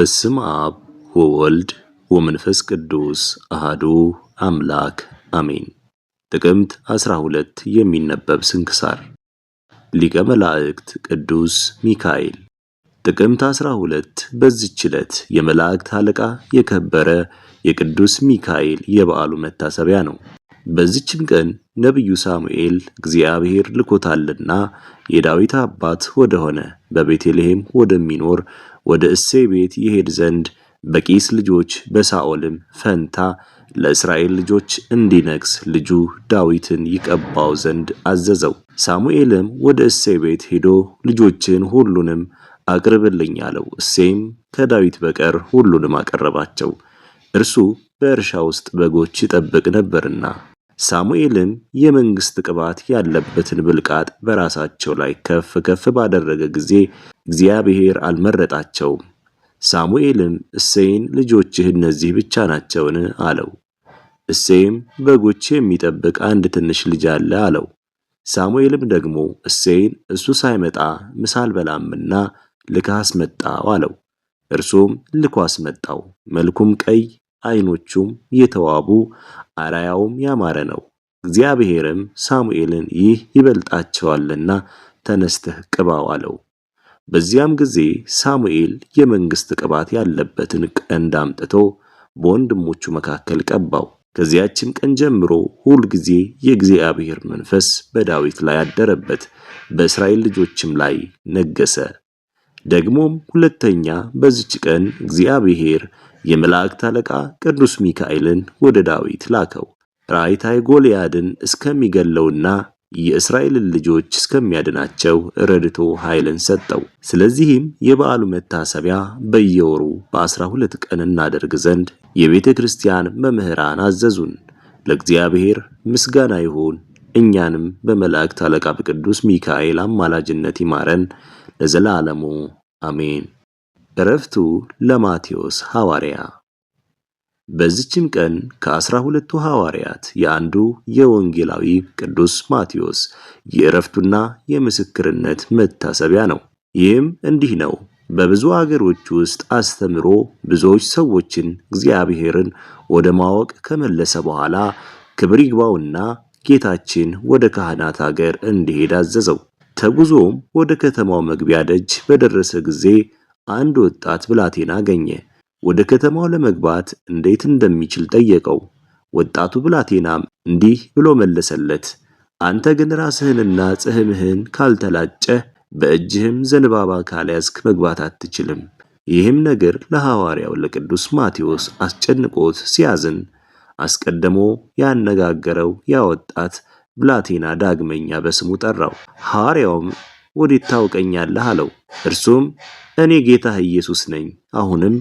በስም አብ ወወልድ ወመንፈስ ቅዱስ አህዱ አምላክ አሜን። ጥቅምት 12 የሚነበብ ስንክሳር ሊቀ መላእክት ቅዱስ ሚካኤል። ጥቅምት 12 በዚች ዕለት የመላእክት አለቃ የከበረ የቅዱስ ሚካኤል የበዓሉ መታሰቢያ ነው። በዚችም ቀን ነቢዩ ሳሙኤል እግዚአብሔር ልኮታልና የዳዊት አባት ወደሆነ በቤተልሔም ወደሚኖር ወደ እሴ ቤት ይሄድ ዘንድ በቂስ ልጆች በሳኦልም ፈንታ ለእስራኤል ልጆች እንዲነግስ ልጁ ዳዊትን ይቀባው ዘንድ አዘዘው። ሳሙኤልም ወደ እሴ ቤት ሄዶ ልጆችን ሁሉንም አቅርብልኝ አለው። እሴም ከዳዊት በቀር ሁሉንም አቀረባቸው፣ እርሱ በእርሻ ውስጥ በጎች ይጠብቅ ነበርና። ሳሙኤልም የመንግሥት ቅባት ያለበትን ብልቃጥ በራሳቸው ላይ ከፍ ከፍ ባደረገ ጊዜ እግዚአብሔር አልመረጣቸውም። ሳሙኤልም እሴይን ልጆችህ እነዚህ ብቻ ናቸውን? አለው። እሴይም በጎች የሚጠብቅ አንድ ትንሽ ልጅ አለ አለው። ሳሙኤልም ደግሞ እሴይን እሱ ሳይመጣ ምሳ አልበላምና ልከህ አስመጣው አለው። እርሱም ልኮ አስመጣው። መልኩም ቀይ፣ ዓይኖቹም የተዋቡ አራያውም ያማረ ነው። እግዚአብሔርም ሳሙኤልን ይህ ይበልጣቸዋልና ተነስተህ ቅባው አለው። በዚያም ጊዜ ሳሙኤል የመንግሥት ቅባት ያለበትን ቀንድ አምጥቶ በወንድሞቹ መካከል ቀባው። ከዚያችም ቀን ጀምሮ ሁልጊዜ የእግዚአብሔር መንፈስ በዳዊት ላይ አደረበት፣ በእስራኤል ልጆችም ላይ ነገሰ። ደግሞም ሁለተኛ በዚች ቀን እግዚአብሔር የመላእክት አለቃ ቅዱስ ሚካኤልን ወደ ዳዊት ላከው። ራይታይ ጎልያድን እስከሚገለውና የእስራኤልን ልጆች እስከሚያድናቸው ረድቶ ኃይልን ሰጠው። ስለዚህም የበዓሉ መታሰቢያ በየወሩ በአስራ ሁለት ቀን እናደርግ ዘንድ የቤተ ክርስቲያን መምህራን አዘዙን። ለእግዚአብሔር ምስጋና ይሁን። እኛንም በመላእክት አለቃ በቅዱስ ሚካኤል አማላጅነት ይማረን ለዘላለሙ አሜን። እረፍቱ ለማቴዎስ ሐዋርያ በዚችም ቀን ከአስራ ሁለቱ ሐዋርያት የአንዱ የወንጌላዊ ቅዱስ ማቴዎስ የእረፍቱና የምስክርነት መታሰቢያ ነው። ይህም እንዲህ ነው። በብዙ አገሮች ውስጥ አስተምሮ ብዙዎች ሰዎችን እግዚአብሔርን ወደ ማወቅ ከመለሰ በኋላ ክብር ይግባውና ጌታችን ወደ ካህናት አገር እንዲሄድ አዘዘው። ተጉዞም ወደ ከተማው መግቢያ ደጅ በደረሰ ጊዜ አንድ ወጣት ብላቴና አገኘ። ወደ ከተማው ለመግባት እንዴት እንደሚችል ጠየቀው። ወጣቱ ብላቴናም እንዲህ ብሎ መለሰለት፣ አንተ ግን ራስህንና ጽህምህን ካልተላጨህ በእጅህም ዘንባባ ካልያዝክ መግባት አትችልም። ይህም ነገር ለሐዋርያው ለቅዱስ ማቴዎስ አስጨንቆት ሲያዝን አስቀድሞ ያነጋገረው ያወጣት ብላቴና ዳግመኛ በስሙ ጠራው። ሐዋርያውም ወዴት ታውቀኛለህ? አለው። እርሱም እኔ ጌታህ ኢየሱስ ነኝ፣ አሁንም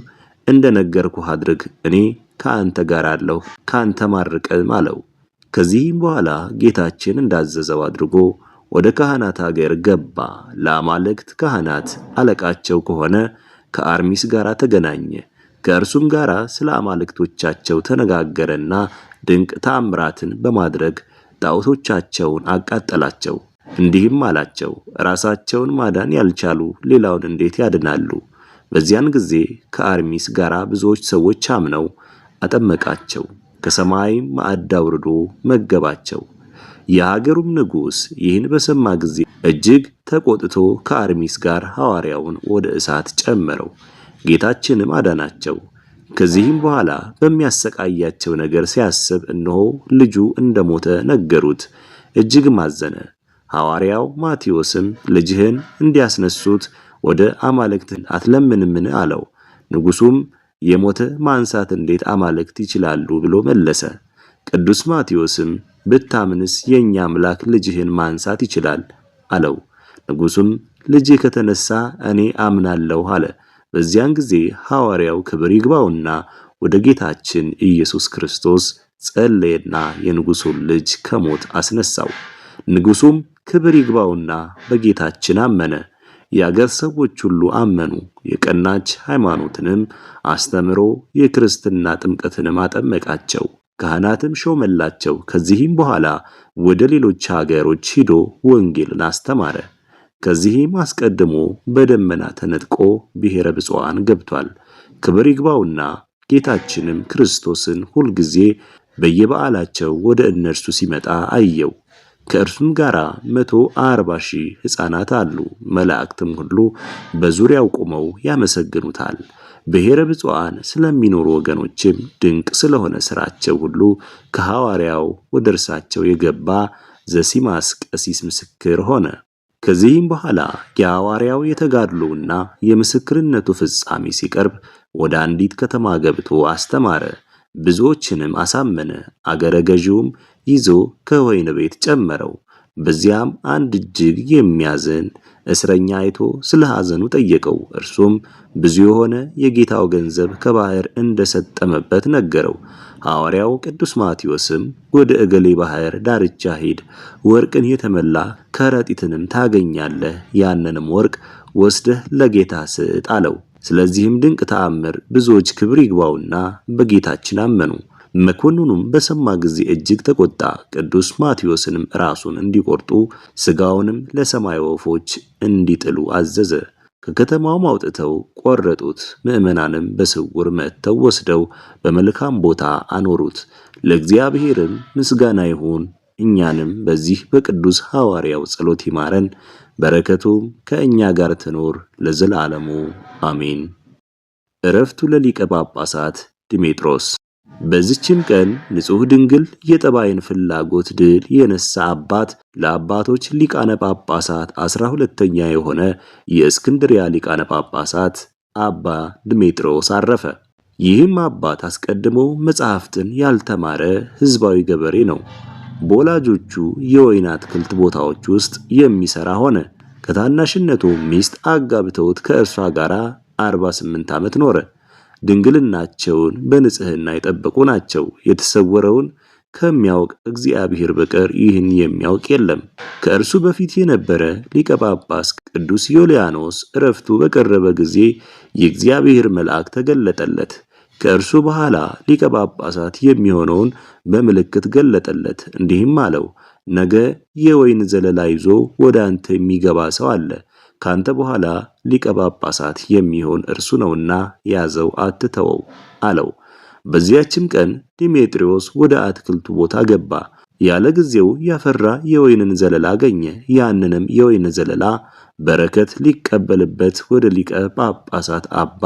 እንደነገርኩህ አድርግ፣ እኔ ከአንተ ጋር አለሁ፣ ካንተ ማርቀ አለው። ከዚህም በኋላ ጌታችን እንዳዘዘው አድርጎ ወደ ካህናት አገር ገባ። ለአማልክት ካህናት አለቃቸው ከሆነ ከአርሚስ ጋር ተገናኘ። ከእርሱም ጋር ስለ አማልክቶቻቸው ተነጋገረና ድንቅ ተአምራትን በማድረግ ጣዖቶቻቸውን አቃጠላቸው። እንዲህም አላቸው፣ ራሳቸውን ማዳን ያልቻሉ ሌላውን እንዴት ያድናሉ? በዚያን ጊዜ ከአርሚስ ጋር ብዙዎች ሰዎች አምነው አጠመቃቸው፣ ከሰማይም ማዕድ አውርዶ መገባቸው። የሀገሩም ንጉሥ ይህን በሰማ ጊዜ እጅግ ተቆጥቶ ከአርሚስ ጋር ሐዋርያውን ወደ እሳት ጨመረው። ጌታችንም አዳናቸው። ከዚህም በኋላ በሚያሰቃያቸው ነገር ሲያስብ እነሆ ልጁ እንደሞተ ነገሩት። እጅግ ማዘነ። ሐዋርያው ማቴዎስም ልጅህን እንዲያስነሱት ወደ አማልክት አትለምንምን አለው። ንጉሱም የሞተ ማንሳት እንዴት አማልክት ይችላሉ ብሎ መለሰ። ቅዱስ ማቴዎስም ብታምንስ የእኛ አምላክ ልጅህን ማንሳት ይችላል አለው። ንጉሱም ልጅህ ከተነሳ እኔ አምናለሁ አለ። በዚያን ጊዜ ሐዋርያው ክብር ይግባውና ወደ ጌታችን ኢየሱስ ክርስቶስ ጸለየና የንጉሱ ልጅ ከሞት አስነሳው። ንጉሱም ክብር ይግባውና በጌታችን አመነ። የአገር ሰዎች ሁሉ አመኑ። የቀናች ሃይማኖትንም አስተምሮ የክርስትና ጥምቀትንም አጠመቃቸው፣ ካህናትም ሾመላቸው። ከዚህም በኋላ ወደ ሌሎች ሀገሮች ሂዶ ወንጌልን አስተማረ። ከዚህም አስቀድሞ በደመና ተነጥቆ ብሔረ ብፁዓን ገብቷል። ክብር ይግባውና ጌታችንም ክርስቶስን ሁልጊዜ በየበዓላቸው ወደ እነርሱ ሲመጣ አየው። ከእርሱም ጋር መቶ አርባ ሺህ ሕፃናት አሉ። መላእክትም ሁሉ በዙሪያው ቆመው ያመሰግኑታል። ብሔረ ብፁዓን ስለሚኖሩ ወገኖችም ድንቅ ስለሆነ ሥራቸው ሁሉ ከሐዋርያው ወደ እርሳቸው የገባ ዘሲማስ ቀሲስ ምስክር ሆነ። ከዚህም በኋላ የሐዋርያው የተጋድሎውና የምስክርነቱ ፍጻሜ ሲቀርብ ወደ አንዲት ከተማ ገብቶ አስተማረ፣ ብዙዎችንም አሳመነ። አገረ ገዢውም ይዞ ከወይን ቤት ጨመረው። በዚያም አንድ እጅግ የሚያዝን እስረኛ አይቶ ስለ ሐዘኑ ጠየቀው። እርሱም ብዙ የሆነ የጌታው ገንዘብ ከባህር እንደሰጠመበት ነገረው። ሐዋርያው ቅዱስ ማቴዎስም ወደ እገሌ ባህር ዳርቻ ሂድ፣ ወርቅን የተመላ ከረጢትንም ታገኛለህ፣ ያንንም ወርቅ ወስደህ ለጌታ ስጥ አለው። ስለዚህም ድንቅ ተአምር ብዙዎች ክብር ይግባውና በጌታችን አመኑ። መኮንኑም በሰማ ጊዜ እጅግ ተቆጣ። ቅዱስ ማቴዎስንም ራሱን እንዲቆርጡ ስጋውንም ለሰማይ ወፎች እንዲጥሉ አዘዘ። ከከተማውም አውጥተው ቆረጡት። ምዕመናንም በስውር መጥተው ወስደው በመልካም ቦታ አኖሩት። ለእግዚአብሔርም ምስጋና ይሁን። እኛንም በዚህ በቅዱስ ሐዋርያው ጸሎት ይማረን፣ በረከቱም ከእኛ ጋር ትኖር ለዘላለሙ አሜን። እረፍቱ ለሊቀ ጳጳሳት ድሜጥሮስ በዚችም ቀን ንጹሕ ድንግል የጠባይን ፍላጎት ድል የነሳ አባት ለአባቶች ሊቃነ ጳጳሳት አስራ ሁለተኛ የሆነ የእስክንድሪያ ሊቃነ ጳጳሳት አባ ድሜጥሮስ አረፈ። ይህም አባት አስቀድሞ መጽሐፍትን ያልተማረ ሕዝባዊ ገበሬ ነው። በወላጆቹ የወይን አትክልት ቦታዎች ውስጥ የሚሠራ ሆነ። ከታናሽነቱ ሚስት አጋብተውት ከእርሷ ጋር 48 ዓመት ኖረ። ድንግልናቸውን በንጽህና የጠበቁ ናቸው። የተሰወረውን ከሚያውቅ እግዚአብሔር በቀር ይህን የሚያውቅ የለም። ከእርሱ በፊት የነበረ ሊቀ ጳጳስ ቅዱስ ዮልያኖስ እረፍቱ በቀረበ ጊዜ የእግዚአብሔር መልአክ ተገለጠለት። ከእርሱ በኋላ ሊቀ ጳጳሳት የሚሆነውን በምልክት ገለጠለት፣ እንዲህም አለው፦ ነገ የወይን ዘለላ ይዞ ወደ አንተ የሚገባ ሰው አለ። ካንተ በኋላ ሊቀ ጳጳሳት የሚሆን እርሱ ነውና ያዘው፣ አትተወው አለው። በዚያችም ቀን ዲሜጥሪዮስ ወደ አትክልቱ ቦታ ገባ። ያለ ጊዜው ያፈራ የወይንን ዘለላ አገኘ። ያንንም የወይን ዘለላ በረከት ሊቀበልበት ወደ ሊቀ ጳጳሳት አባ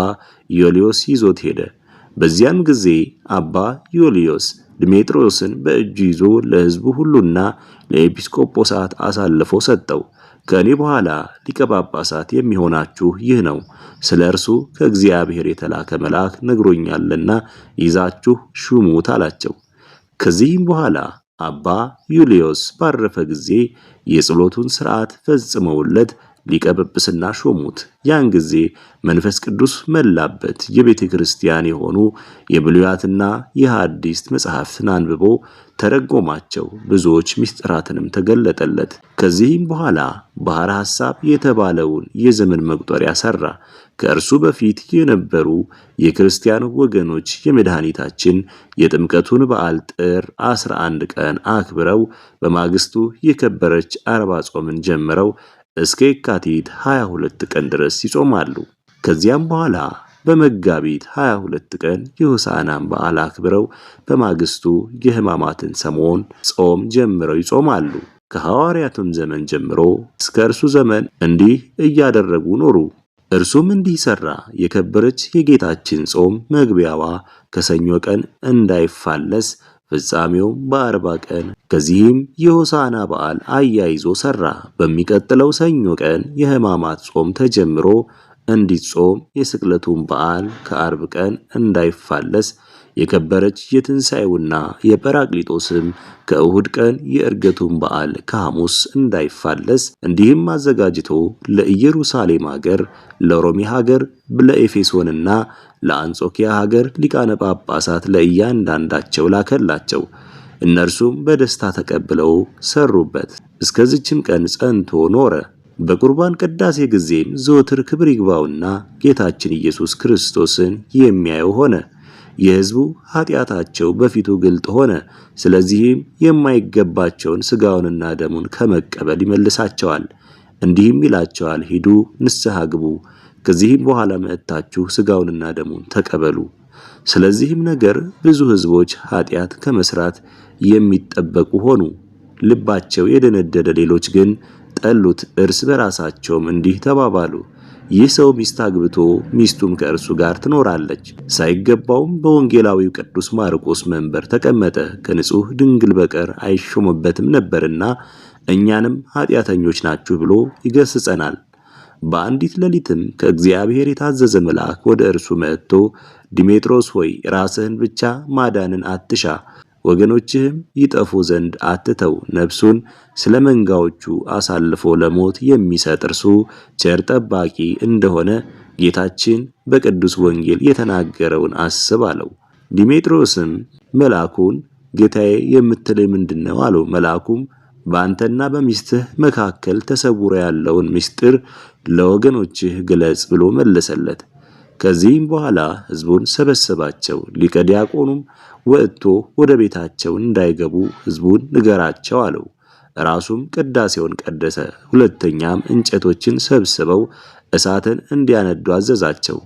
ዮልዮስ ይዞት ሄደ። በዚያም ጊዜ አባ ዮልዮስ ዲሜጥሪዮስን በእጁ ይዞ ለሕዝቡ ሁሉና ለኤጲስቆጶሳት አሳልፎ ሰጠው። ከእኔ በኋላ ሊቀ ጳጳሳት የሚሆናችሁ ይህ ነው፣ ስለ እርሱ ከእግዚአብሔር የተላከ መልአክ ነግሮኛልና ይዛችሁ ሹሙት አላቸው። ከዚህም በኋላ አባ ዩልዮስ ባረፈ ጊዜ የጸሎቱን ሥርዓት ፈጽመውለት ሊቀ ጵጵስና ሾሙት። ያን ጊዜ መንፈስ ቅዱስ መላበት። የቤተ ክርስቲያን የሆኑ የብሉያትና የሐዲስት መጽሐፍትን አንብቦ ተረጎማቸው። ብዙዎች ምስጢራትንም ተገለጠለት። ከዚህም በኋላ ባሕረ ሐሳብ የተባለውን የዘመን መቁጠሪያ ሠራ። ከእርሱ በፊት የነበሩ የክርስቲያን ወገኖች የመድኃኒታችን የጥምቀቱን በዓል ጥር 11 ቀን አክብረው በማግስቱ የከበረች አርባ ጾምን ጀምረው እስከ የካቲት 22 ቀን ድረስ ይጾማሉ። ከዚያም በኋላ በመጋቢት 22 ቀን የሆሳዕናን በዓል አክብረው በማግስቱ የሕማማትን ሰሞን ጾም ጀምረው ይጾማሉ። ከሐዋርያቱም ዘመን ጀምሮ እስከ እርሱ ዘመን እንዲህ እያደረጉ ኖሩ። እርሱም እንዲህ ሠራ። የከበረች የጌታችን ጾም መግቢያዋ ከሰኞ ቀን እንዳይፋለስ ፍጻሜውም በአርባ ቀን ከዚህም የሆሳና በዓል አያይዞ ሰራ። በሚቀጥለው ሰኞ ቀን የሕማማት ጾም ተጀምሮ እንዲጾም የስቅለቱን በዓል ከአርብ ቀን እንዳይፋለስ የከበረች የትንሣኤውና የጰራቅሊጦስም ከእሁድ ቀን የእርገቱን በዓል ከሐሙስ እንዳይፋለስ እንዲህም አዘጋጅቶ ለኢየሩሳሌም ሀገር፣ ለሮሜ ሀገር፣ ለኤፌሶንና ለአንጾኪያ ሀገር ሊቃነ ጳጳሳት ለእያንዳንዳቸው ላከላቸው። እነርሱም በደስታ ተቀብለው ሰሩበት። እስከዚችም ቀን ጸንቶ ኖረ። በቁርባን ቅዳሴ ጊዜም ዘወትር ክብር ይግባውና ጌታችን ኢየሱስ ክርስቶስን የሚያየው ሆነ። የሕዝቡ ኃጢአታቸው በፊቱ ግልጥ ሆነ። ስለዚህም የማይገባቸውን ሥጋውንና ደሙን ከመቀበል ይመልሳቸዋል። እንዲህም ይላቸዋል፣ ሂዱ ንስሐ ግቡ፣ ከዚህም በኋላ መጥታችሁ ሥጋውንና ደሙን ተቀበሉ። ስለዚህም ነገር ብዙ ሕዝቦች ኃጢአት ከመስራት የሚጠበቁ ሆኑ። ልባቸው የደነደደ ሌሎች ግን ጠሉት፣ እርስ በራሳቸውም እንዲህ ተባባሉ ይህ ሰው ሚስት አግብቶ ሚስቱም ከእርሱ ጋር ትኖራለች። ሳይገባውም በወንጌላዊው ቅዱስ ማርቆስ መንበር ተቀመጠ። ከንጹሕ ድንግል በቀር አይሾምበትም ነበርና እኛንም ኃጢአተኞች ናችሁ ብሎ ይገስጸናል። በአንዲት ሌሊትም ከእግዚአብሔር የታዘዘ መልአክ ወደ እርሱ መጥቶ ዲሜጥሮስ ሆይ ራስህን ብቻ ማዳንን አትሻ ወገኖችህም ይጠፉ ዘንድ አትተው። ነፍሱን ስለ መንጋዎቹ አሳልፎ ለሞት የሚሰጥ እርሱ ቸር ጠባቂ እንደሆነ ጌታችን በቅዱስ ወንጌል የተናገረውን አስብ አለው። ዲሜጥሮስም መልአኩን ጌታዬ የምትለኝ ምንድን ነው አለው። መልአኩም በአንተና በሚስትህ መካከል ተሰውሮ ያለውን ምስጢር ለወገኖችህ ግለጽ ብሎ መለሰለት። ከዚህም በኋላ ህዝቡን ሰበሰባቸው። ሊቀ ዲያቆኑም ወጥቶ ወደ ቤታቸው እንዳይገቡ ህዝቡን ንገራቸው አለው። ራሱም ቅዳሴውን ቀደሰ። ሁለተኛም እንጨቶችን ሰብስበው እሳትን እንዲያነዱ አዘዛቸው።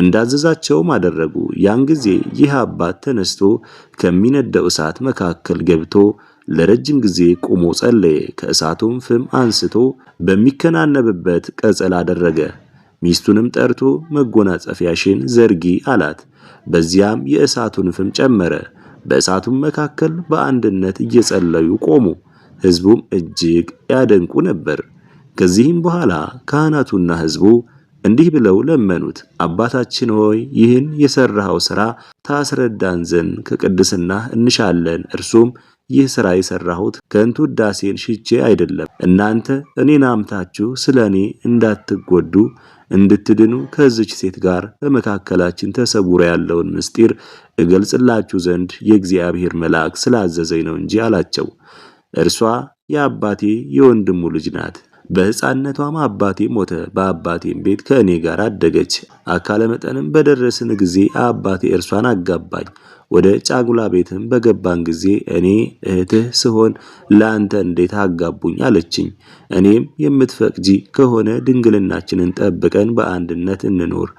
እንዳዘዛቸውም አደረጉ። ያን ጊዜ ይህ አባት ተነስቶ ከሚነደው እሳት መካከል ገብቶ ለረጅም ጊዜ ቆሞ ጸለየ። ከእሳቱም ፍም አንስቶ በሚከናነብበት ቀጸል አደረገ። ሚስቱንም ጠርቶ መጎናጸፊያሽን ዘርጊ አላት። በዚያም የእሳቱን ፍም ጨመረ። በእሳቱም መካከል በአንድነት እየጸለዩ ቆሙ። ሕዝቡም እጅግ ያደንቁ ነበር። ከዚህም በኋላ ካህናቱና ሕዝቡ እንዲህ ብለው ለመኑት፣ አባታችን ሆይ ይህን የሰራኸው ሥራ ታስረዳን ዘንድ ከቅድስና እንሻለን። እርሱም ይህ ሥራ የሰራሁት ከንቱ ውዳሴን ሽቼ አይደለም፣ እናንተ እኔን አምታችሁ ስለ እኔ እንዳትጎዱ እንድትድኑ ከዚች ሴት ጋር በመካከላችን ተሰውሮ ያለውን ምስጢር እገልጽላችሁ ዘንድ የእግዚአብሔር መልአክ ስላዘዘኝ ነው እንጂ አላቸው። እርሷ የአባቴ የወንድሙ ልጅ ናት። በሕፃንነቷም አባቴ ሞተ፣ በአባቴም ቤት ከእኔ ጋር አደገች። አካለ መጠንም በደረስን ጊዜ አባቴ እርሷን አጋባኝ። ወደ ጫጉላ ቤትም በገባን ጊዜ እኔ እህትህ ስሆን ለአንተ እንዴት አጋቡኝ አለችኝ። እኔም የምትፈቅጂ ከሆነ ድንግልናችንን ጠብቀን በአንድነት እንኖር፣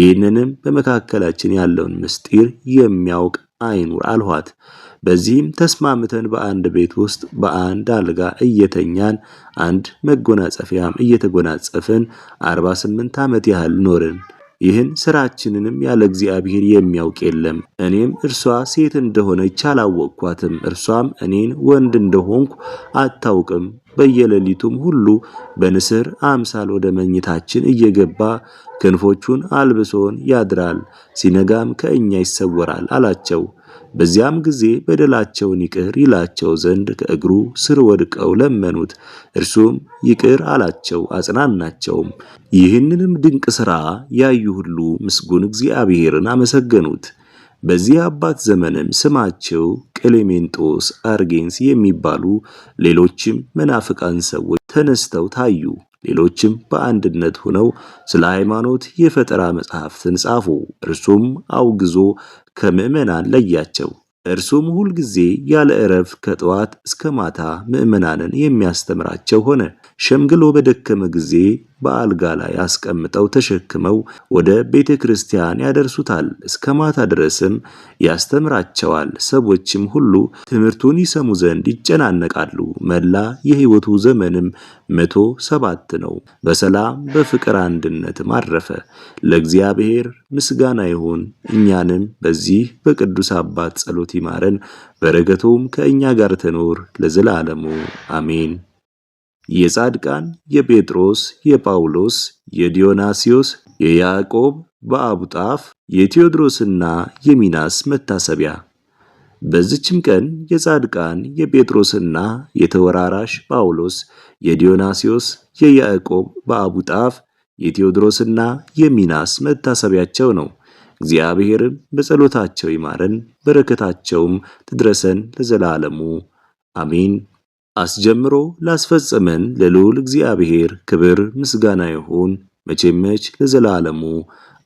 ይህንንም በመካከላችን ያለውን ምስጢር የሚያውቅ አይኑር አልኋት። በዚህም ተስማምተን በአንድ ቤት ውስጥ በአንድ አልጋ እየተኛን አንድ መጎናጸፊያም እየተጎናጸፍን 48 ስምንት ዓመት ያህል ኖርን። ይህን ስራችንንም ያለ እግዚአብሔር የሚያውቅ የለም። እኔም እርሷ ሴት እንደሆነች አላወቅኳትም፣ እርሷም እኔን ወንድ እንደሆንኩ አታውቅም። በየሌሊቱም ሁሉ በንስር አምሳል ወደ መኝታችን እየገባ ክንፎቹን አልብሶን ያድራል፣ ሲነጋም ከእኛ ይሰወራል አላቸው። በዚያም ጊዜ በደላቸውን ይቅር ይላቸው ዘንድ ከእግሩ ስር ወድቀው ለመኑት። እርሱም ይቅር አላቸው፣ አጽናናቸውም። ይህንንም ድንቅ ሥራ ያዩ ሁሉ ምስጉን እግዚአብሔርን አመሰገኑት። በዚህ አባት ዘመንም ስማቸው ቀሌሜንጦስ አርጌንስ የሚባሉ ሌሎችም መናፍቃን ሰዎች ተነስተው ታዩ። ሌሎችም በአንድነት ሆነው ስለ ሃይማኖት የፈጠራ መጽሐፍትን ጻፉ። እርሱም አውግዞ ከምዕመናን ለያቸው። እርሱም ሁልጊዜ ያለ ዕረፍ ከጠዋት እስከ ማታ ምዕመናንን የሚያስተምራቸው ሆነ። ሸምግሎ በደከመ ጊዜ በአልጋ ላይ አስቀምጠው ተሸክመው ወደ ቤተ ክርስቲያን ያደርሱታል። እስከ ማታ ድረስም ያስተምራቸዋል። ሰዎችም ሁሉ ትምህርቱን ይሰሙ ዘንድ ይጨናነቃሉ። መላ የሕይወቱ ዘመንም መቶ ሰባት ነው። በሰላም በፍቅር አንድነትም አረፈ። ለእግዚአብሔር ምስጋና ይሁን። እኛንም በዚህ በቅዱስ አባት ጸሎት ይማረን፣ በረከቱም ከእኛ ጋር ትኑር ለዘላለሙ አሜን። የጻድቃን የጴጥሮስ፣ የጳውሎስ፣ የዲዮናስዮስ፣ የያዕቆብ በአቡጣፍ የቴዎድሮስና የሚናስ መታሰቢያ። በዚችም ቀን የጻድቃን የጴጥሮስና የተወራራሽ ጳውሎስ፣ የዲዮናስዮስ፣ የያዕቆብ በአቡጣፍ የቴዎድሮስና የሚናስ መታሰቢያቸው ነው። እግዚአብሔርን በጸሎታቸው ይማረን፣ በረከታቸውም ትድረሰን ለዘላለሙ አሜን። አስጀምሮ ላስፈጸመን ለልዑል እግዚአብሔር ክብር ምስጋና ይሁን መቼም መች ለዘላለሙ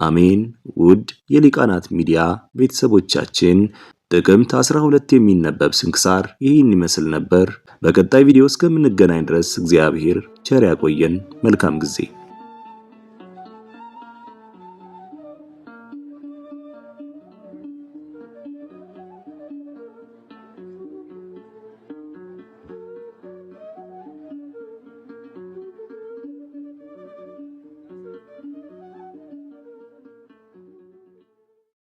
አሜን። ውድ የሊቃናት ሚዲያ ቤተሰቦቻችን ጥቅምት 12 የሚነበብ ስንክሳር ይህን ይመስል ነበር። በቀጣይ ቪዲዮ እስከምንገናኝ ድረስ እግዚአብሔር ቸር ያቆየን። መልካም ጊዜ